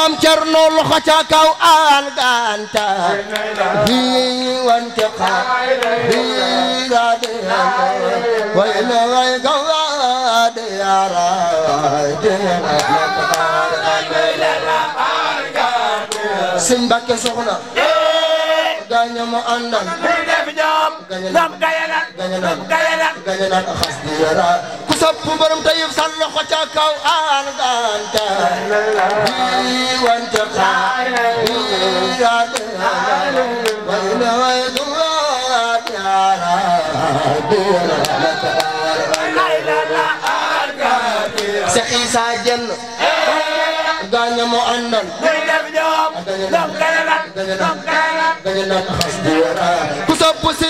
maam Cerno loxo ca kaw al ganta bi wante xa bi gade way na way gawade yara de Sëñ Mbàkke soxna gañu mu àndal naam gayanan naam gayanan gayanan xas di yara ku sopp borom tayib sa loxo ca kaw al ganta bi wante ta bi rade wayna way du yara bi sa isa jenn gaaña mu àndal def ñoom ñoom gayanan ñoom gayanan gayanan xas di yara ku sopp si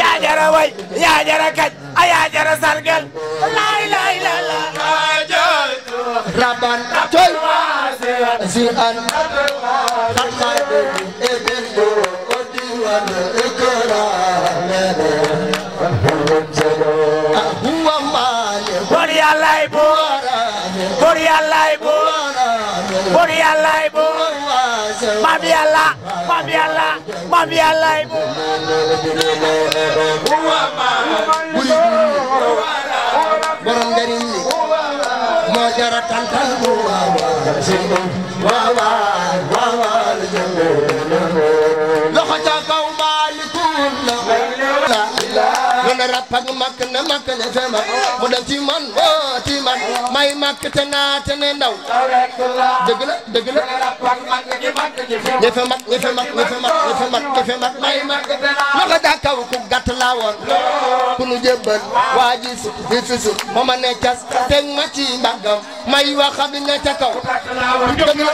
yaa jara way yaa jara kañ a yaa jara sargal laay laay la la rabban coy si an bor yàllaay boor bor yàllaay boor bor yàllaay boor maam yàlla maam yàlla maam yàlla bu wa ma buri borom njariñ li moo jara tantal bu wa wa simbo wa wa wa wa la jëngo loxo ca kaw maalikun la na rap ak màkk na màkk na fema mu def ci man woo ci man may màkk te naa te ne ndaw dëgg la dëgg la ñi fe mag ñi fe mag ñi fe mag ñi fe mag ñi fe kaw ku gàtt laa woon ku nu jébbal waa ji ma ma ne cas teg ma ci mbàggam may wax xam ne ca kaw dëgg la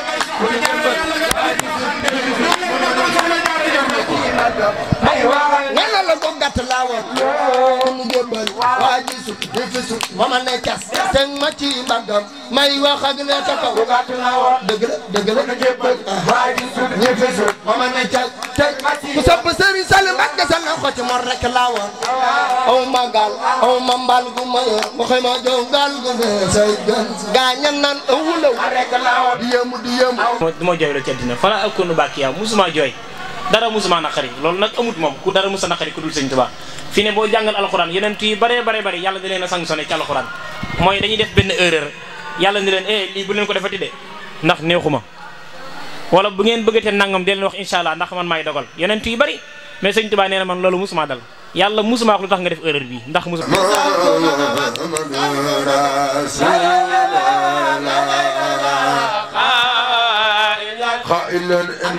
Hey, well, well, well, well, di ci suuf ma ma ne cas teg ma ci mbagam may wax ak ne ca kaw dëgg la dëgg la di ci suuf ma ma ne cas teg ku sopp Serigne Sall Mbacke sa loxo ci mor ma gaal aw ma mbaal gu ma yor ma xëy ma jow gaal gu fee say gën gaañan naan awulaw di di yëmu du ma jooy la ca dina fala ak dara musuma naqari loolu nag amut moom ku dara musa naqari ku dul sëñ Tuubaa fi ne boo jàngal alxuraan yeneen yu bare bare bare yàlla da leen a sanctionné ci alxuraan mooy dañuy def benn erreur yàlla ni leen eh lii bu leen ko defati de ndax ma wala bu ngeen bëggatee nangam di leen wax incha allah ndax man maay dogal yeneen yu bari mais sëñ Tuubaa nee na man loolu maa dal yàlla musuma wax lu tax nga def erreur bi ndax musu قائلا ان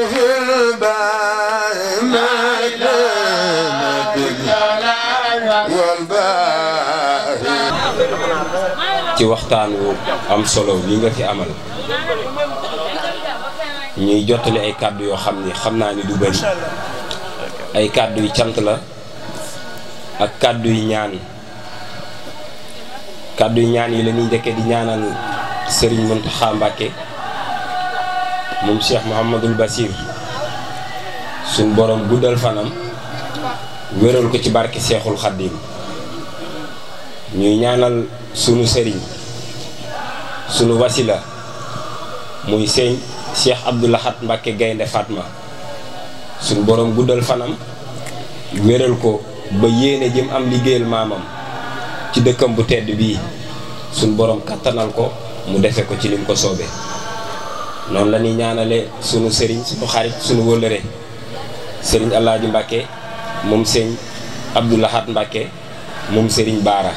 ci waxtaan wu am solo yi nga fi amal ñuy jottali ay kàddu yoo xam ni xam naa ni du bëri ay kàddu yu cant la ak kàddu yu ñaan kàddu yu ñaan yi lañuy ñuy njëkkee di ñaanal Serigne Mountakha Mbacké moom Cheikh Mouhamadul Basir suñ borom guddal fanam wéral ko ci barke Seexul Xaddim ñuy ñaanal sunu sëriñ sunu wasi la muy sëñ Cheikh Abdoul Ahad Mbacké Gaynde Fatma sunu borom guddal fanam wéral ko ba yéene jëm am liggéeyal maamam ci dëkkam bu tedd bii sunu borom kattanal ko mu defe ko ci lim ko soobe noonu la ñaanale sunu sëriñ sunu xarit sunu wëllëre sëriñ Alaaji Mbacké moom sëñ Abdoul Ahad Mbacké moom sëriñ Baara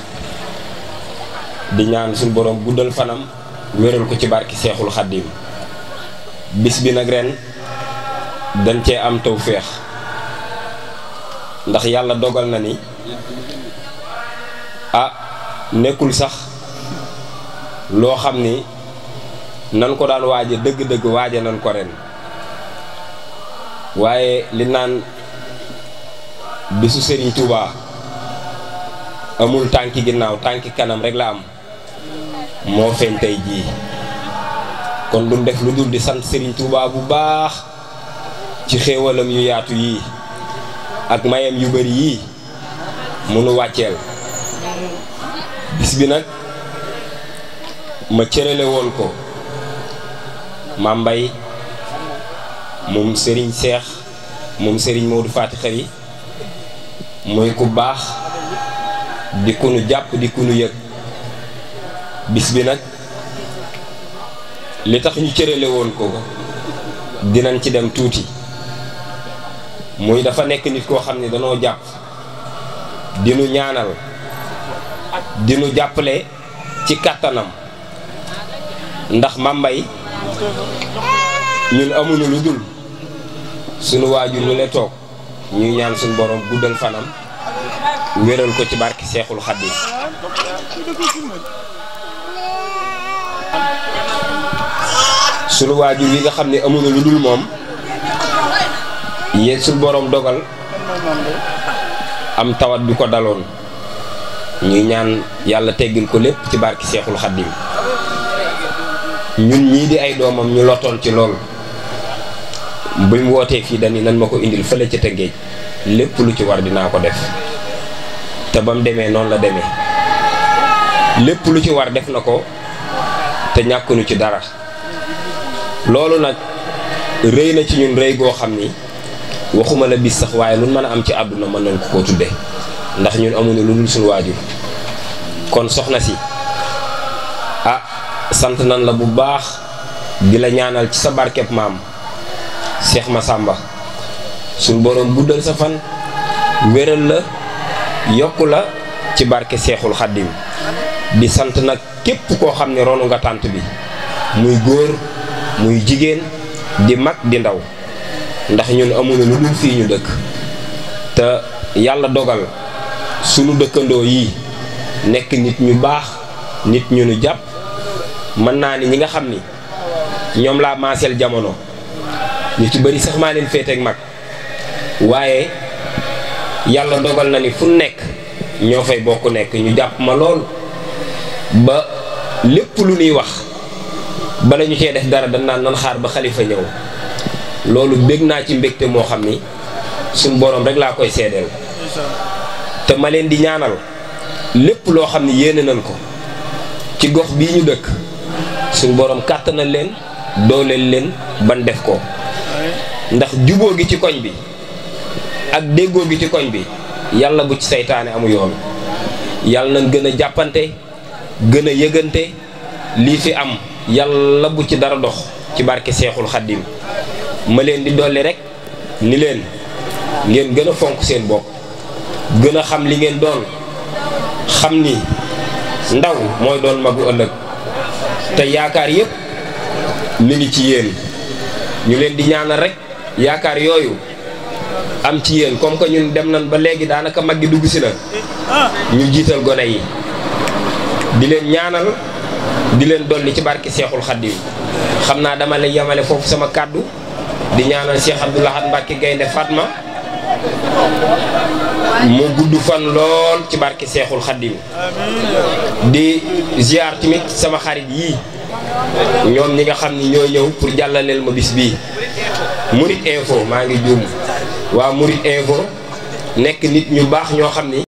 di ñaan suñu borom guddal fanam wéral ko ci barki seexul xaddim bis bi nag ren dañ cee am taw féex ndax yàlla dogal na ni a ah, nekkul sax loo xam ni nan ko daan waaje dëgg-dëgg waaje nan ko ren waaye li naan bisu Serigne Touba amul tànki ginnaaw tànki kanam rek la am moo feeñ jii kon lu def lu dul di sant sëriñ Touba bu baax ci xéewalam yu yaatu yii ak mayam yu bari yii munu wàcceel bis bi nag ma cërale woon ko ma mbay moom Serigne Cheikh moom Serigne Modou Faty Khary muy ku baax di ku nu jàpp di ku nu yëg bis bi nag li tax ñu cërale woon ko ko dinañ ci dem tuuti muy dafa nekk nit koo xam ne danoo jàpp dinu ñaanal dinu jàppale ci kàttanam ndax mambay ñun amuñu lu dul sunu waajur lu ne toog ñuy ñaan suñu borom guddal fanam wéral ko ci barki seexul xaddim sunu waajur yi nga xam ne amuñu lu dul moom yéen boroom dogal am tawat bi ko daloon ñuy ñaan yàlla teggil ko lépp ci barki Seexul Xaddim ñun ñii di ay doomam ñu lottoon ci loolu bu mu wootee fii dani nan ma ko indil fële ca Tëngéej lépp lu ci war dinaa ko def te ba mu demee noonu la demee lépp lu ci war def na ko te ñàkkuñu ci dara loolu nag rëy na ci ñun réy goo xam ni waxuma la bis sax waaye lu mën a am ci àdduna mën nañ ko koo tudde ndax ñun amuñu lu dul suñu waajur kon soxna si a ah, sant nan la bu baax di la ñaanal ci sa barkeb maam Cheikh Massamba suñu boroom guddal sa fan wéral la yokku la ci barke Seexul Xaddim di sant nag képp koo xam ne ronu nga tànt bi muy góor muy jigéen di mag di ndaw ndax ñun amuñu lu dul fii ñu dëkk te yàlla dogal sunu dëkkandoo yi nekk nit ñu baax nit ñu nu jàpp mën naa ni ñi nga xam ni ñoom laa maaseel jamono ñu ci bëri sax maa leen féeteeg mag waaye yàlla dogal na ni fu nekk ñoo fay bokk nekk ñu jàpp ma lool ba lépp lu ñuy wax bala ñu cee def dara dañ naan nan xaar ba xalifa ñëw loolu bég naa ci mbégte moo xam ni suñ boroom rek laa koy seedeel te ma leen di ñaanal lépp loo xam ni yéene nañ ko ci gox bi ñu dëkk suñu boroom kàttanal leen dooleel leen ban def ko ndax juboo gi ci koñ bi ak déggoo gi ci koñ bi yàlla bu ci seytaane amu yoon yàlla nañ gën a jàppante gën a yëgante lii fi am yàlla bu ci dara dox ci barke seexul xaddim ma leen di dolli rek ni leen ngeen gën a fonk seen bopp gën a xam li ngeen doon xam ni ndaw mooy doon magu ëllëg te yaakaar yëpp mi ngi ci yéen ñu leen di ñaanal rek yaakaar yooyu am ci yéen comme que ñu dem nañ ba léegi daanaka mag gi dugg si na ñu jiital gone yi di leen ñaanal di leen dolli ci barki Seexul Xaddim xam naa dama lay yemale foofu sama kàddu di ñaanal Cheikh Abdou Lahad mbarki Gaynde ma mu gudd fan lool ci barki Seexul Xaddim di ziar sama xarit yii ñoom ñi nga xam ni ñoo ñëw pour jàllaleel ma bis bii Murit Info maa ngi juum waa Murit Info nekk nit ñu baax ñoo xam ni